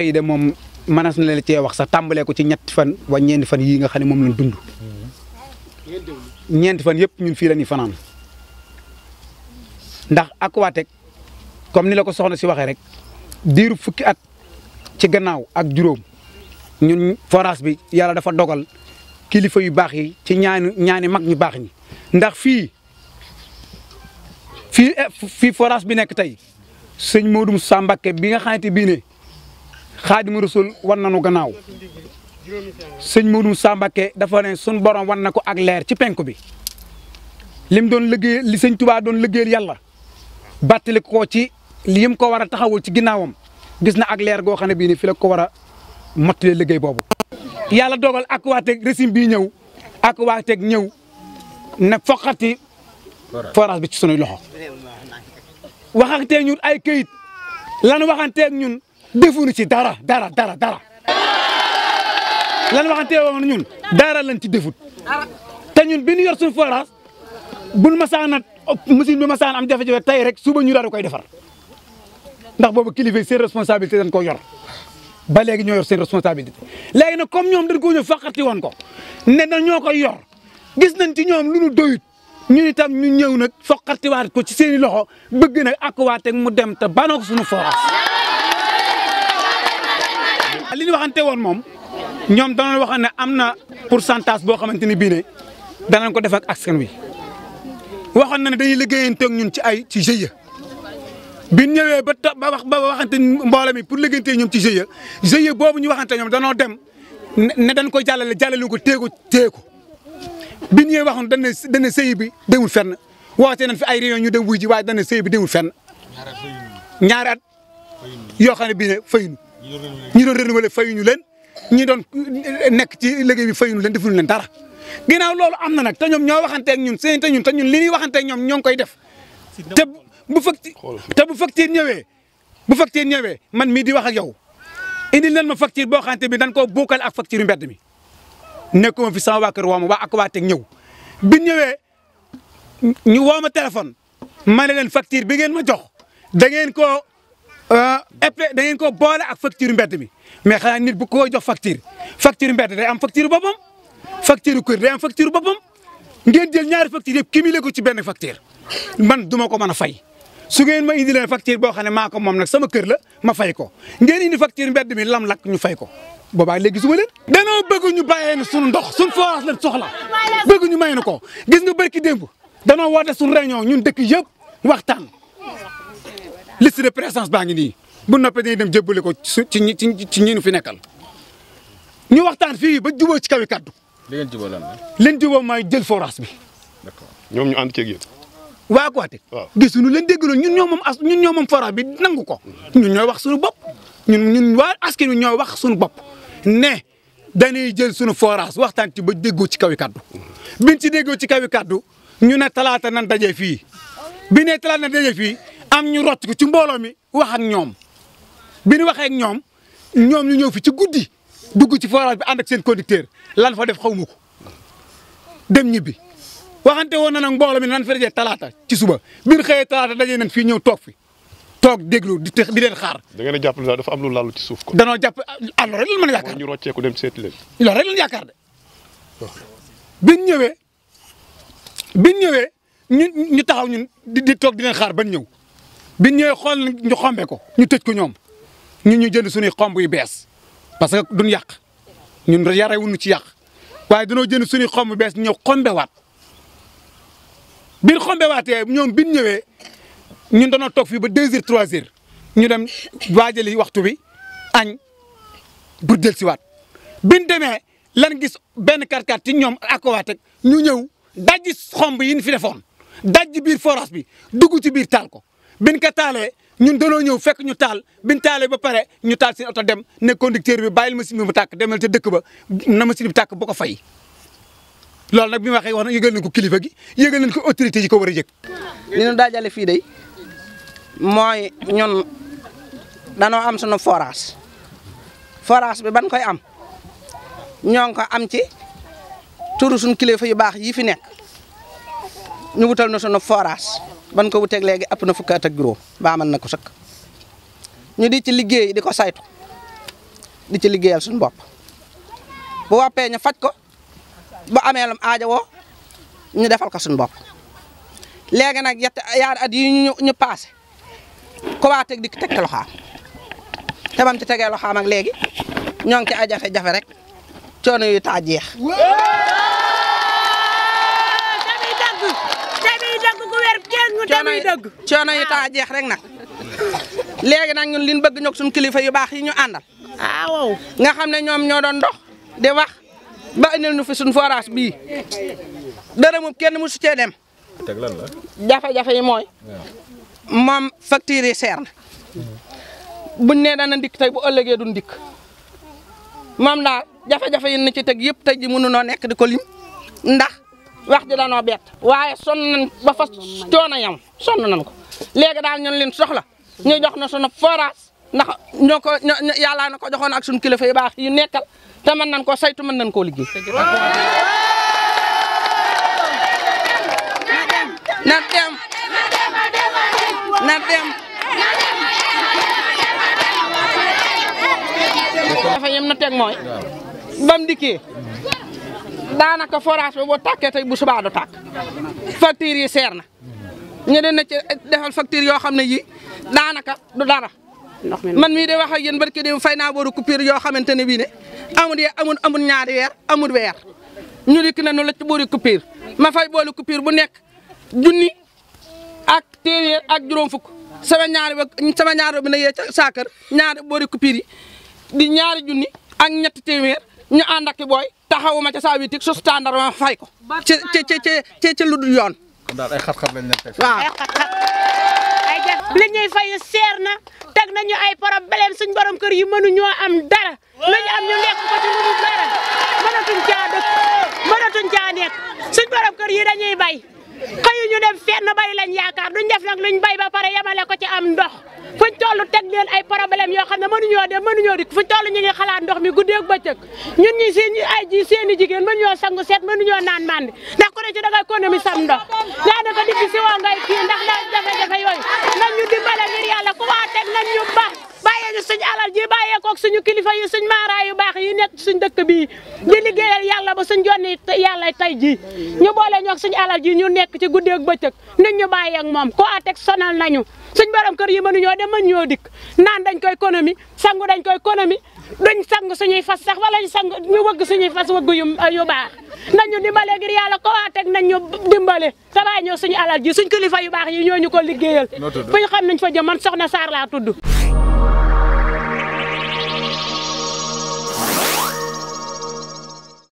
jafe yi de moom mënees na leen cee wax sa tàmbalee ko ci ñetti fan wa ñeenti fan yii nga xam ne moom lañ dund. ñeenti fan yëpp ñun fii la ñuy fanaan ndax Aquatech comme ni la ko soxna si waxee rek diiru fukki at ci gannaaw ak juróom ñun forage bi yàlla dafa dogal kilifa yu baax yi ci ñaani ñaani mag ñu baax ñi ndax fii fii eh, fii forage bi nekk tey sëñ Modou Samba Mbacké bi nga xamante bii ne xaadimu rasul wan nañu gannaaw sëñ Modou Sambake dafa ne suñ borom wan na ko ak leer ci penk bi lim doon liggéey li sëñ Touba doon liggéeyal yàlla bàttali ko ci li mu ko war a taxawul ci ginnaawam gis na ak leer goo xam ne bii nii fi la ko war a mottalee liggéey boobu. yàlla dogal Aquatech régime bii ñëw Aquatech ñëw ne foqati forage bi ci sunuy loxo waxanteeg ñun ay waxanteeg ñun. defuñu ci dara dara dara dara lan waxante woon ñun dara lañ ci defut te ñun bi ñu yor suñu forage buñ masaan a machine bi masaan am jafe-jafe tey rek suba ñu daal di koy defar ndax boobu kilifa seen responsabilité dañ ko yor ba léegi ñoo yor seen responsabilité léegi nag comme ñoom dañ ko ñëw fàqati woon ko ne na ñoo koy yor gis nañ ci ñoom lu ñu doyut ñun itam ñu ñëw nag foqatiwaat ko ci seen i loxo bëgg nag akkuwaat ak mu dem te banoo ko suñu li ñu waxante woon moom ñoom danañ wax ne am na pourcentage boo xamante ni bii ne danañ ko def ak askan wi waxoon na ne dañuy liggéeyanteeg ñun ci ay ci GIE. bi ñëwee ba ba wax ba waxante mbooloo mi pour liggéeyanteeg ñoom ci GIE GIE boobu ñu waxante ñoom danoo dem ne dañ ko jàllale jàllale ko téye ko téye ko bi ñëwee waxoon dañ ne dañ ne sëy bi demul fenn woote nañ fi ay réunion ñu dem wuy ji waaye dañ ne bi demul fenn ñaari yoo xam ne bii ne ñi doon renouveler fayuñu leen ñi doon nekk ci liggéey bi fayuñu leen defuñu leen dara ginnaaw loolu am na nag te ñoom ñoo waxanteeg ñun seen te ñun te ñun li ñuy waxanteeg ñoom ñoo koy def te bu facture te bu facture ñëwee bu facture ñëwee man mii di wax ak yow indi leen ma facture boo xamante bi ko koo bokkal ak facture yu mbedd mi nekkuma fi sama waa kër woo ma waa ak waa teg ñëw bi ñëwee ñu woo ma téléphone ma ne leen facture bi ngeen ma jox da ngeen après euh, da ngeen ko boole ak facture mbedd mi mais xanaa nit bu ko jox facture facture mbedd day am facture boppam facture kër day am facture boppam ngeen jël ñaari facture yëpp cumulé ko ci benn facture man duma ko mën a fay. su ngeen ma indi leen facture boo xam ne maa ko moom nag sama kër la ma fay ko ngeen indi facture mbedd mi lam lak ñu fay ko boobaa léegi suma leen danoo bëgg ñu bàyyee ne suñu ndox suñu forage lañ soxla bëgg ñu may na ko gis nga barki démb danoo woote suñu réunion ñun dëkk yëpp waxtaan liste de présence baa ngi nii bu noppee dañuy dem jébbale ko ci ci ci ñi ñu fi nekkal ñu waxtaan fii ba jubóo ci kaw i kaddu. li ngeen jubóo lan la. leen jubóo mooy jël forage bi. d'accord ñoom ñu ànd ceeg yéen. waa Koité. waaw gisuñu leen déggaloo ñun ñoo moom as ñun ñoo moom forage bi nangu ko. ñun ñooy wax suñu bopp ñun ñun waa askan wi ñooy wax suñu bopp ne dañuy jël suñu forage waxtaan ci ba déggoo ci kaw i kaddu biñ ci déggoo ci kaw i kaddu ñu ne talaata nan daje fii bi ne talaata nan daje fii. am ñu rocc ci mbooloo mi wax ak ñoom bi ñu waxee ak ñoom ñoom ñu ñëw fi ci guddi dugg ci forage bi ànd ak seen conducteur lan foo def xaw ma ko dem ñibbi waxante woon na nag mbooloo mi nan fa dajee talaata ci suba bi ñu xëyee talaata dajee nañ fii ñëw toog fi toog déglu di di leen xaar. da ngeen a jàpp ne am lu lalu ci suuf ko danoo jàpp alors ah, lan mën a yaakaar ñu rocceeku dem seeti leen. loolu rek lan yaakaar de biñ ñëwee biñ ñëwee ñu ñu taxaw ñun di toog di leen xaar ban ñëw. biñ ñëwee xool ñu xombe ko ñu tëj ko ñoom ñun ñu jënd suñuy xomb yu bees parce que duñ yàq ñun wun wuñu ci yàq waaye dañoo jënd suñuy xomb yu bees ñëw xombewaat biñ xombewaatee ñoom biñ ñëwee ñun dañoo toog fii ba deux heures trois heures ñu dem waajali waxtu bi añ pour jël si waat biñ demee lan gis benn kàrkaat ci ñoom ak Aquatech ñu ñëw dajji xomb yi ñu fi defoon dajji biir forage bi dugg ci biir taal ko. bin ko taalee ñun danoo ñëw fekk ñu taal bin taalee ba pare ñu taal seen oto dem ne conducteur bi bàyyil machine bi mu tàkk demal ca dëkk ba na machine bi tàkk ba ko fay. loolu nag bi ma waxee wax na yëgal nañ ko kilifa gi yëgal nañ ko autorité yi ko war a yëg. li daajale fii de mooy ñun danoo am sunu forage forage bi ban koy am ñoo ko am ci turu suñu kilifa yu baax yi fi nekk ñu wutal na sunu forage. ban ko teg léegi ëpp na fukki at ak baa man na ko sëkk ñu di ci liggéey di ko saytu di ci liggéeyal suñu bopp bu wàppee ñu faj ko bu amee lam aaja woo ñu defal ko suñu bopp léegi nag yett yaar at ñu ñu paase Kowaateg di teg ci loxaam te bam ci tegee loxaam ak léegi ñoo ngi ci ay jafe-jafe rek coono taa jeex. dañuy dëgg coono yi taa jeex rek na léegi nag ñun liñ bëgg ñok suñu kilifa yu baax yi ñu àndal ah, waaw nga xam ne ñoom ñoo doon dox di wax ba indil ñu fi suñu forage bii dara moom kenn mësu cee dem teg jafe-jafe yi mooy moom facture yi seer na buñ nee dana ndikk tey bu ëllëgee du dikk moom daal jafe-jafe yi na ci teg yëpp tey ji mënu noo nekk di ko lim ndax wax ji danoo bett waaye sonn nañ ba fa coono yam sonn nañ ko léegi daal ñun leen soxla ñu jox na sunu forage ndax ñoo ko yàllaa na ko joxoon ak sunu kilifa yu baax yu nekkal te mën nañ koo saytu mën nañ koo liggéey. na dem na dem dafa yem na teg mooy bam dikkee daanaka forage bi boo tàkkee tey bu subaa du tàkk facture yi seer na ñu ne na ci defal facture yoo xam ne yii daanaka du dara. man mii de wax ak yéen barki de fay naa booru coupure yoo xamante ne bii ne amul yee amul amul ñaari weer amul weer ñu dikk na nu la ci boori coupure ma fay boolu coupure bu nekk junni ak téeméer ak juróom fukk sama ñaari ba sama ñaari bi na ca saakar ñaari boori coupure yi di ñaari junni ak ñetti téeméer ñu ànd ak booy. taxawuma ca saa wi tig sos tàndar ma fay ko. ci ci ci lu dul yoon. daal ay ñuy fay seer na teg nañu ay problème suñ borom kër yi mënuñoo am dara lu ñu am ñu lekk ko ci lu dul dara mënatuñ caa dëkk mënatuñ caa nekk suñ borom kër yi bay xëyuñu dem fenn bay lañ yaakaar duñ def nag luñ bay ba pare yemale ko ci am ndox. fuñ toll teg leen ay problème yoo xam ne mënuñoo dem mënuñoo dikk fuñ toll ñu ngi xalaat ndox mi guddeeg bëccëg ñun ñi seen ay ji seen i jigéen mënuñoo sangu seet mënuñoo naan mandi ndax ku ne ci dangay konomi sam ndox daanaka dikk si woo ngay kii ndax da jafe-jafe yooyu nañ ñu dimbale ngir yàlla ku waa teg nañ ñu baax bàyyee ñu suñ alal ji bàyyee kook suñu kilifa yi suñ maaraa yu baax yi nekk suñ dëkk bii di liggéeyal yàlla ba suñ jonni yàlla tey jii ñu boole ñoog suñ ji ñu nekk ci guddeeg bëccëg nit ñu bàyyeeg moom ku waa teg sonal suñ borom kër yi ñoo dem mën ñoo dikk naan dañ koy konomi sangu dañ koy konomi duñ sang suñuy fas sax wala ñu sang ñu wëgg suñuy fas wëgg yu yu baax nañu dimbale ngir yàlla ko waa teg nañ ñu dimbale te bàyyi ñoo suñu alal ji suñ kilifa yu baax yi ñoo ñu ko liggéeyal. fu xam nañ fa jaman man soxna Sarr laa tudd.